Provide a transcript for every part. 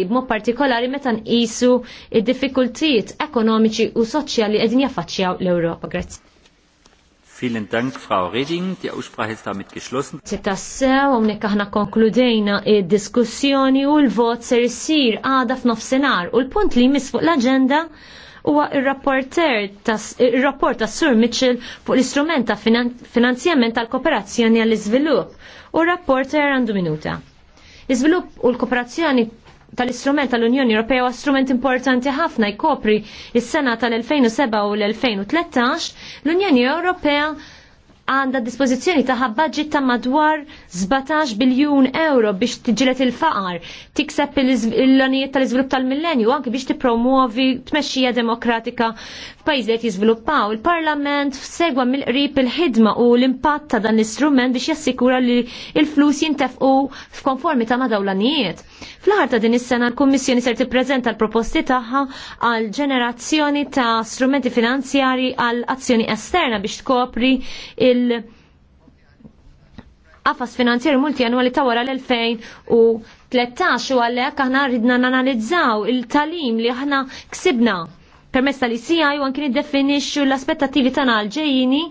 li b'mod partikolari meta nqisu il diffikultijiet ekonomiċi u soċjali qegħdin jaffaċċjaw l-Ewropa. Grazzi. Vielen Dank, Frau Reding. Die Aussprache ist damit geschlossen. Titassew, unnek aħna konkludejna id-diskussjoni u l-vot ser sir għada senar u l-punt li jmiss fuq l-agenda huwa ir-rapport tas Sur Mitchell fuq l-istrument ta' finanzjament tal-kooperazzjoni għall-iżvilupp u r-rapport għandu minuta. L-iżvilupp u l-kooperazzjoni tal-istrument tal-Unjoni Ewropea huwa strument importanti ħafna jkopri is-sena tal-2007 u l-2013 l-Unjoni Ewropea għanda dispożizzjoni taħħa budget ta' madwar 17 biljun euro biex tiġilet il-faqar, tikseb il-lonijiet tal-izvilupp tal-millenju, anki biex tipromuovi tmexxija demokratika f'pajjiż li jiżviluppaw. Il-Parlament segwa mill-qrib il-ħidma u l-impatt ta' dan l-istrument biex jassikura li il-flus jintefqu f'konformità ma' l-lonijiet. Fl-aħħar ta' din is-sena l-Kummissjoni ser tippreżenta l-proposti tagħha għal ġenerazzjoni ta' strumenti finanzjari għal azzjoni esterna biex tkopri il il- qafas finanzjeri multianwali ta' wara l-2013 u għalhekk aħna rridna nanalizzaw il-talim li aħna ksibna permess tal-ICI u għankini definisġu l-aspettattivi tagħna għalġejini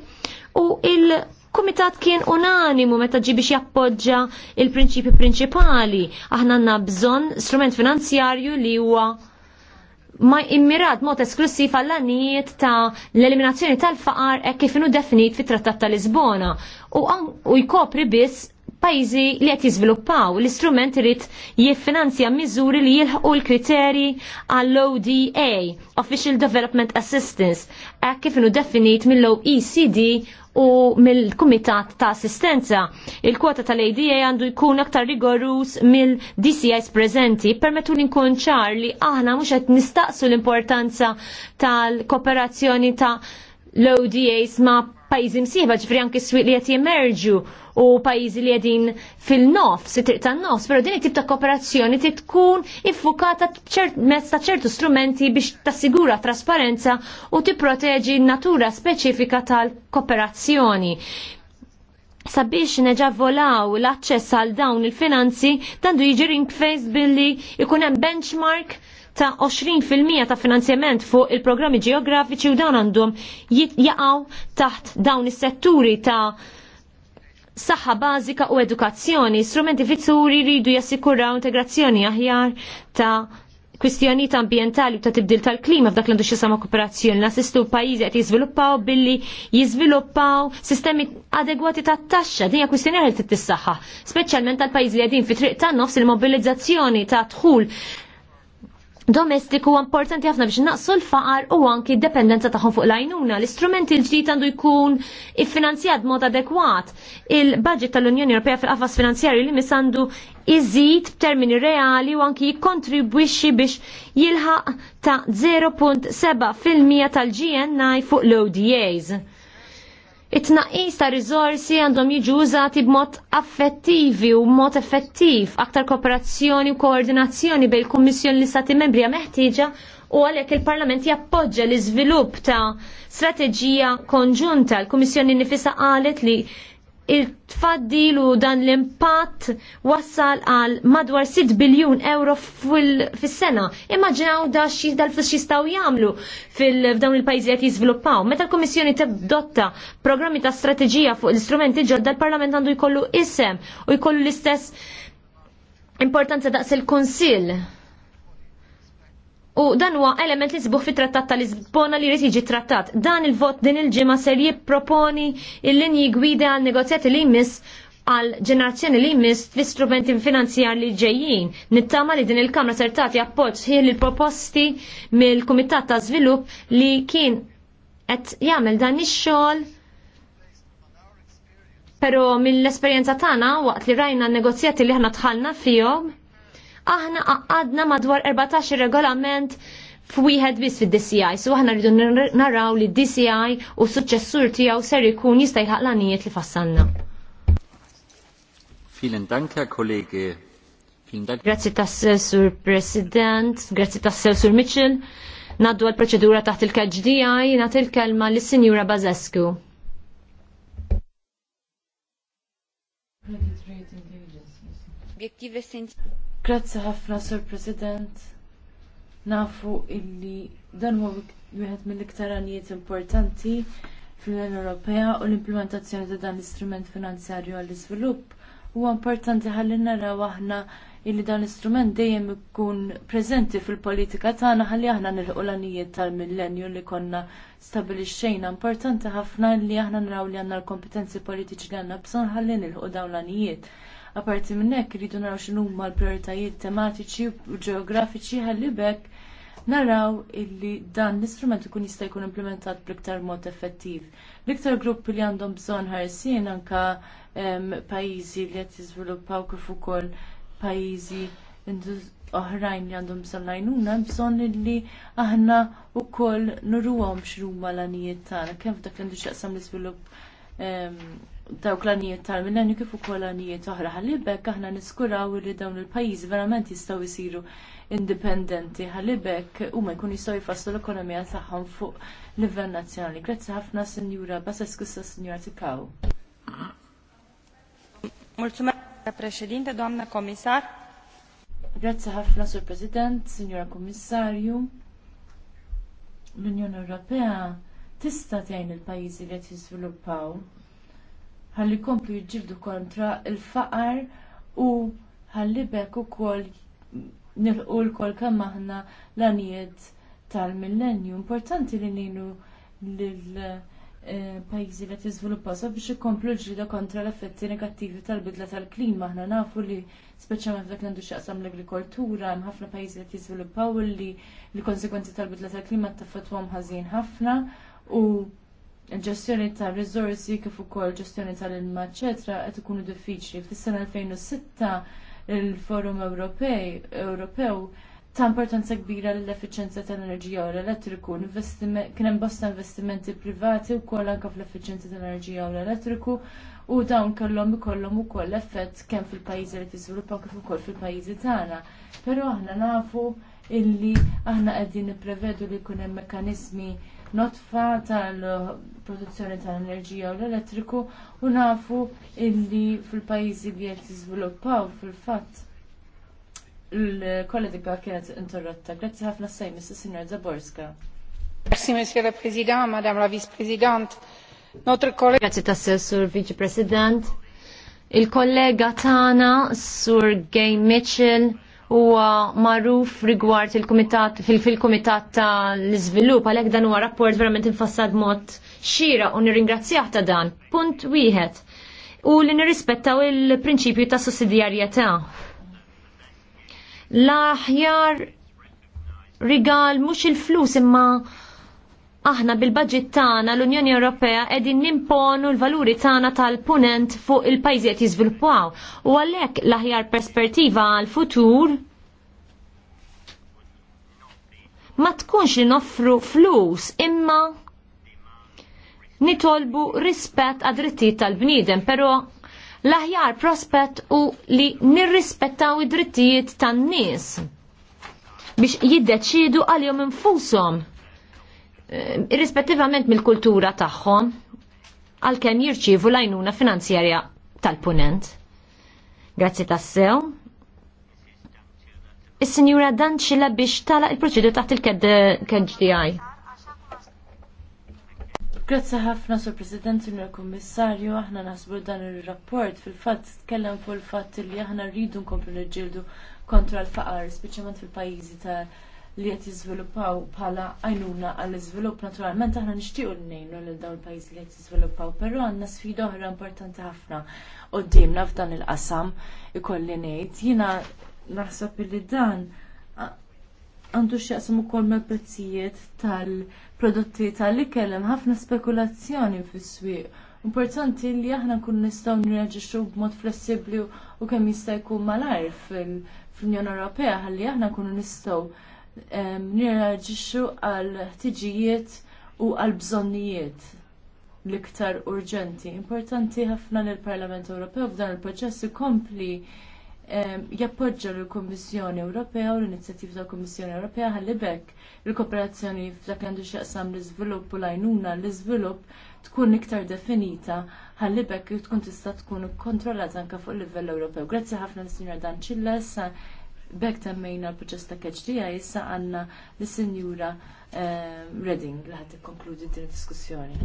u il Kumitat kien unanimu meta ġi biex jappoġġa il-prinċipi prinċipali. Aħna għandna bżonn strument finanzjarju li huwa ma immirat mod esklusiv għall anijiet ta' l-eliminazzjoni tal-faqar e kif inu definit fit trattat tal Lisbona u, u jkopri biss pajjiżi li qed jiżviluppaw. L-istrument irid jiffinanzja miżuri li jilħqu l-kriterji għall-ODA, Official Development Assistance, hekk kif inhu definit mill-OECD u mill-Kumitat ta' Assistenza. Il-kwota tal-ADA għandu jkun aktar rigorus mill-DCIs prezenti. Permetu li nkun ċar li aħna mhux qed nistaqsu l-importanza tal-kooperazzjoni ta' l-ODAs ma' pajjiżi msieħba ġifri anki s swiq li qed emerġu u pajjiżi li jadin fil-nofs, si triq tan-nofs, però din it-tip ta' kooperazzjoni trid tkun iffukata mezz ta' ċertu strumenti biex tassigura trasparenza u tipproteġi n-natura speċifika tal-kooperazzjoni sabiex neġavolaw l-aċċess għal dawn il-finanzi tandu jġirin ringfejs billi ikun hemm benchmark ta' 20% ta' finanzjament fuq il-programmi ġeografiċi u dawn għandhom jaqgħu taħt dawn is-setturi ta' saħħa bażika u edukazzjoni, strumenti fizzuri jridu jassikuraw integrazzjoni aħjar ta' kwistjonijiet ambjentali u ta' tibdil tal-klima f'dak l-għandu xi sama kooperazzjoni. Nassistu pajjiżi qed jiżviluppaw billi jiżviluppaw sistemi adegwati ta' taxxa. Dinja kwistjoni qed tissaħħa, speċjalment tal-pajjiżi li qegħdin fi triq tan nofs il-mobilizzazzjoni ta' dħul domestiku importanti ħafna biex naqsu l-faqar u anki d-dependenza tagħhom fuq l-għajnuna. L-istrument il-ġdid għandu jkun iffinanzjat b'mod adekwat. Il-budget tal-Unjoni Ewropea fil-qafas finanzjarju li misandu iżid b'termini reali u anki jikkontribwixxi biex jilħaq ta' 0.7% tal-GNI fuq l-ODAs it-naqis ta' rizorsi għandhom jiġu użati b'mod affettivi u b'mod effettiv, aktar kooperazzjoni u koordinazzjoni bejn il-Kummissjoni li stati membri meħtieġa u għalhekk il-Parlament jappoġġa l-iżvilupp ta' strateġija konġunta. L-Kummissjoni nifisa qalet li il-tfaddil u dan l-impatt wassal għal madwar 6 biljun euro fil-sena. Immaġinaw da dal fis xistaw jamlu fil-dawn il-pajzi għet jizviluppaw. Meta l-Komissjoni tebdotta programmi ta' strategija fuq l-istrumenti ġodda l-Parlament għandu jkollu isem u jkollu l-istess importanza daqs il-Konsil U dan huwa element li sbuħ fit-trattat ta' Lisbona li jrid jiġi trattat. Dan il-vot din il-ġimgħa ser jipproponi il-linji gwida għal negozjati li jmiss għal ġenerazzjoni li jmiss fl-istrumenti finanzjar li ġejjin. Nittama li din il-Kamra ser tagħti appoġġ ħin il-proposti mill-Kumitat ta' Żvilupp li kien qed jagħmel dan ix-xogħol Pero mill-esperjenza tagħna waqt li rajna n negozjati li ħna tħallna fihom, aħna għadna madwar 14 regolament f'wieħed biss fid-DCI, so aħna rridu naraw li DCI u suċċessur tiegħu ser ikun jista' jħaq l-għanijiet li fassanna. Vielen Dank, Herr Kollege. Grazzi tassew, Sur President, grazzi tassew, Sur Mitchell. Naddu għal-proċedura taħt il-KGDI, nat il-kelma l-Sinjura Bazescu. Grazzi ħafna, Sur President. Nafu illi dan huwa wieħed mill-iktar għanijiet importanti fl-Unjoni Ewropea u l-implementazzjoni ta' dan l-istrument finanzjarju għall-iżvilupp huwa importanti ħalli naraw aħna illi dan l-istrument dejjem ikun preżenti fil-politika tagħna ħalli aħna nilħu l-għanijiet tal-millenju li konna stabilixxejna. Importanti ħafna li aħna naraw li għandna l-kompetenzi politiċi li għandna bżonn ħalli nilħu dawn l-għanijiet. Aparti minn hekk iridu naraw x'inhuma l-prijoritajiet tematiċi u ġeografiċi ħalli naraw illi dan l-istrument ikun jista' jkun implementat b'iktar mod effettiv. L-iktar gruppi li għandhom bżonn ħarsien anke pajjiżi li qed jiżviluppaw kif ukoll pajjiżi oħrajn li għandhom bżonn lajnuna, bżonn li aħna wkoll koll nurruhom x'ruma l-anijiet tagħna, kemm f'dak li xjaqsam l-iżvilupp dawk l-għanijiet tal-millenju kif ukoll għanijiet oħra ħallibek aħna niskuraw li dawn il-pajjiżi verament jistgħu jsiru indipendenti ħallibek huma jkunu jistgħu jfasslu l-ekonomija tagħhom fuq livell nazzjonali. Grazzi ħafna Sinjura Basescu sa Sinjura Tikaw. Mulțumesc, președinte, doamnă comisar. Grazzi ħafna, Sur President, Signora Kommissarju. L-Unjoni tista' tgħin il-pajjiżi li qed jiżviluppaw ħalli jkomplu jiġġieldu kontra il-faqar u ħalli bekk ukoll nilqu lkoll kemm aħna l-anijiet tal-millenju. Importanti li ngħinu lill eh, pajjiżi li tiżviluppaw sa biex ikomplu ġrida kontra l-effetti negattivi tal-bidla tal-klima. Aħna nafu li speċjalment dak għandu xi qasam l-agrikoltura, hemm ħafna pajjiżi li qed jiżviluppaw li l-konsekwenzi tal-bidla tal-klima taffetwhom ħażin ħafna u il-ġestjoni ta' rizorsi kif ukoll ġestjoni tal-ilma eċetera qed ikunu diffiċli. Fis-sena 2006 il-Forum Ewropej Ewropew ta' importanza kbira l-effiċenza tal-enerġija u l-elettriku, kien hemm bosta investimenti privati wkoll anke fl-effiċenza tal-enerġija u l-elettriku u dawn kellhom ikollhom ukoll effett kemm fil-pajjiżi li tiżviluppaw kif ukoll fil-pajjiżi tagħna. Però aħna nafu illi aħna qegħdin nipprevedu li jkun hemm mekkaniżmi notfa tal-produzzjoni tal-enerġija u l-elettriku u nafu illi fil-pajjiżi li qed jiżviluppaw fil-fatt il-kollega kienet interrotta. Grazzi ħafna Mr. signor Zaborska. Grazie, Monsieur le Madam Madame la vice President, Notre collègue... Grazie tassel, Sur Vice-President. Il-kollega tana, Sur Gay Mitchell, huwa magħruf rigward il-kumitat fil-kumitat ta' l-iżvilupp għalhekk dan huwa rapport verament infassad mod xira u nirringrazzjah ta' dan. Punt wieħed. U li nirrispettaw il-prinċipju ta' sussidjarjetà. L-aħjar rigal mhux il-flus imma aħna bil-budget tagħna l-Unjoni Ewropea qegħdin nimponu l-valuri tagħna tal-punent fuq il qed jiżviluppaw. U għalhekk l-aħjar perspettiva għall-futur ma tkunx li noffru flus imma nitolbu rispett għad drittijiet tal-bniedem, però l-aħjar prospett u li nirrispettaw id-drittijiet tan-nies biex jiddeċidu għal-jom infushom Eh, irrispettivament mill-kultura tagħhom għalkemm jirċievu l-għajnuna finanzjarja tal-punent. Grazzi tassew. Is-Sinjura Danċila biex tala il-proċedur taħt il-KGDI. Grazzi ħafna, Sur President, Sinjur Kommissarju, aħna naħsbu dan il-rapport fil-fatt tkellem fuq il-fatt li aħna rridu nkomplu nġildu kontra l-faqar, speċjalment fil-pajjiżi ta' li qed jiżviluppaw bħala għajnuna għall iżvilupp naturalment aħna nixtiequ nnejnu lil dawn il-pajjiżi li qed jiżviluppaw, però għandna sfida oħra importanti ħafna qudiemna f'dan il-qasam ikolli ngħid. Jiena naħseb li dan għandu x'jaqsam ukoll mal-prezzijiet tal-prodotti tal-ikel ħafna spekulazzjoni fis-swieq. Importanti li aħna kun nistgħu nirreġixxu b'mod flessibbli u kemm jista' jkun malajr fil-Unjoni Ewropea ħalli aħna nkunu nistgħu nirraġixxu għal ħtiġijiet u għal bżonnijiet l-iktar urġenti. Importanti ħafna li l-Parlament Ewropew f'dan il-proċess ikompli jappoġġa l-Kummissjoni Ewropea u l-inizjattiva tal Kummissjoni Ewropea ħallibek il-kooperazzjoni f'dak li għandu x'jaqsam l-iżvilupp u l-għajnuna l-iżvilupp tkun iktar definita ħallibek li tkun tista' tkun kontrollata anke fuq livell Ewropew. Grazzi ħafna l-Sinjor Dan Ċilla Bek temmejna l-proċess ta' keċdija issa għanna l-Sinjura eh, Redding li ħad konkludi din diskussjoni.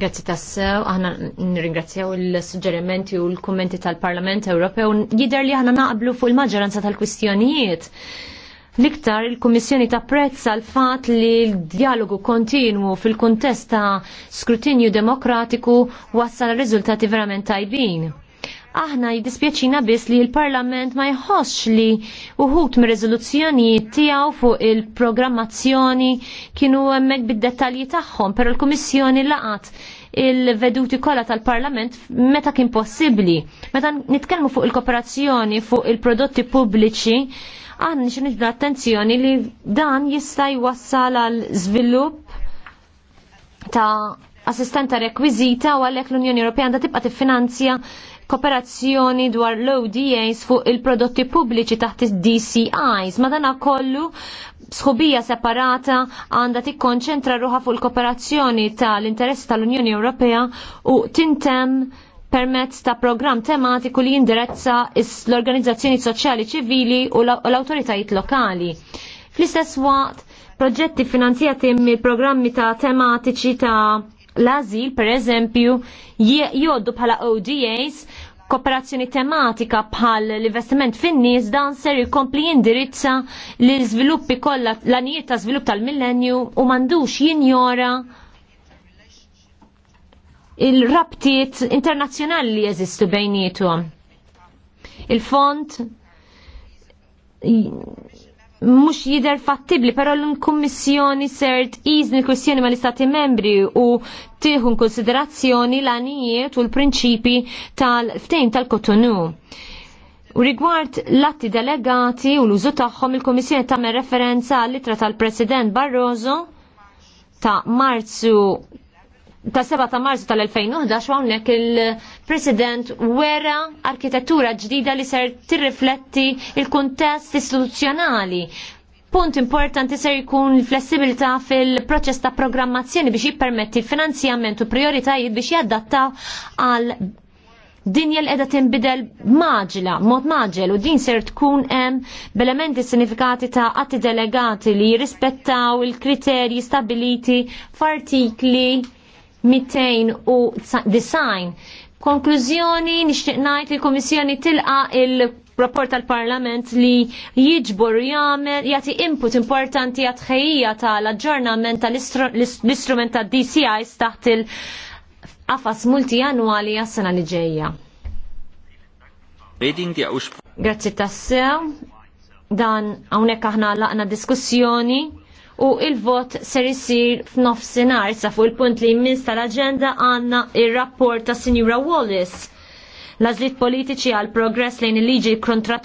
Grazzi tassew, aħna nirringrazzjaw il-suġġerimenti u l-kummenti tal-Parlament Ewropew. Jidher li aħna naqblu fuq il-maġġoranza tal-kwistjonijiet. L-iktar il-Kummissjoni tapprezza l-fat li l-dialogu kontinwu fil-kuntest ta' skrutinju demokratiku wassal riżultati verament tajbin Aħna jiddispjaċina biss li l-Parlament ma jħossx li uħut mir riżoluzzjonijiet tiegħu fuq il-programmazzjoni kienu hemmhekk bid-dettalji tagħhom, però l-Kummissjoni laqat il-veduti kollha tal-Parlament meta kien possibbli. Meta nitkellmu fuq il-kooperazzjoni fuq il-prodotti pubbliċi, aħna xi nibda attenzjoni li dan jista' jwassal għal żvilupp ta' assistenta rekwizita u għalhekk l-Unjoni Ewropea għandha tibqa' tiffinanzja kooperazzjoni dwar l-ODAs fuq il-prodotti pubbliċi taħt DCIs. Madana kollu sħubija separata għanda tikkonċentra ruħa fuq il-kooperazzjoni tal-interess tal-Unjoni Ewropea u tintem permezz ta' programm tematiku li jindirezza l-organizzazzjoni soċjali ċivili u l-autoritajiet lokali. Fl-istess waqt, proġetti finanzjati mill programmi ta' tematiċi ta' l-azil, per eżempju, joddu bħala ODAs, kooperazzjoni tematika bħal l-investiment fin-nies dan ser jkompli jindirizza l iżviluppi kollha l-anijiet ta' żvilupp tal-millenju u m'għandux jinjora il-rabtiet internazzjonali li jeżistu bejnietu. Il-fond mhux jidher fattibbli, però l-Kummissjoni ser tqisni kwestjoni ma mal istati membri u tieħu konsiderazzjoni l anijiet u l-prinċipi tal-ftejn tal-Kotonu. U rigward l-atti delegati u l-użu tagħhom il kommissjoni tagħmel referenza għall litra tal-President Barroso ta' Marzu ta' 7 ta' marzu tal-2011 hawnhekk il-President wera arkitettura ġdida li ser tirrifletti il-kuntest istituzzjonali. Punt importanti ser jkun flessibilità fil-proċess ta' programmazzjoni biex jippermetti finanzjament u prioritajiet biex jaddattaw għal dinja l edha tinbidel maġla, mod maġel, u din ser tkun hemm b'elementi sinifikati ta' atti delegati li jirrispettaw il-kriterji stabiliti f'artikli 290. Konklużjoni nixtieq ngħid li l-Kummissjoni tilqa il rapport tal-Parlament li jiġbor jagħmel jagħti input importanti għat tħejjija tal-aġġornament tal-istrument tad DCIs taħt il-qafas multijanwali għas-sena li ġejja. Grazzi tassew, dan hawnhekk aħna laqna diskussjoni u il-vot ser isir f'nofsinhar sa fuq il-punt li jmiss tal-aġenda għandna ir-rapport ta' Sinjura Wallis. L-għażliet politiċi għal progress lejn il-liġi kontrat